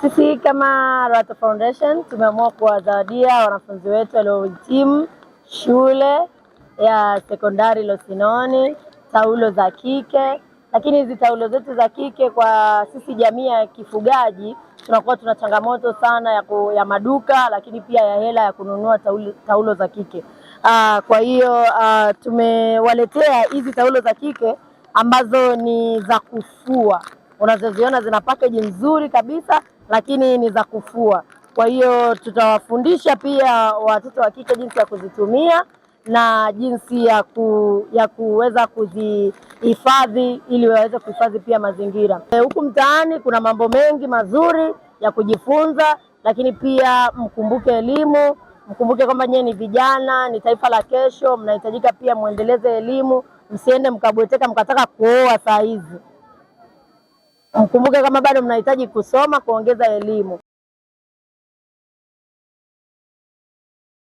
Sisi kama Rato Foundation tumeamua kuwazawadia wanafunzi wetu waliohitimu shule ya sekondari Losinoni taulo za kike, lakini hizi taulo zetu za kike kwa sisi jamii ya kifugaji tunakuwa tuna changamoto sana ya, ku, ya maduka lakini pia ya hela ya kununua taulo, taulo za kike. Aa, ah, kwa hiyo ah, tumewaletea hizi taulo za kike ambazo ni za kufua unazoziona zina package nzuri kabisa lakini ni za kufua. Kwa hiyo tutawafundisha pia watoto wa kike jinsi ya kuzitumia na jinsi ya, ku, ya kuweza kuzihifadhi ili waweze kuhifadhi pia mazingira. Eh, huku mtaani kuna mambo mengi mazuri ya kujifunza, lakini pia mkumbuke elimu, mkumbuke kwamba nyie ni vijana, ni taifa la kesho, mnahitajika pia muendeleze elimu, msiende mkabweteka mkataka kuoa saa hizi. Mkumbuke kama bado mnahitaji kusoma kuongeza elimu.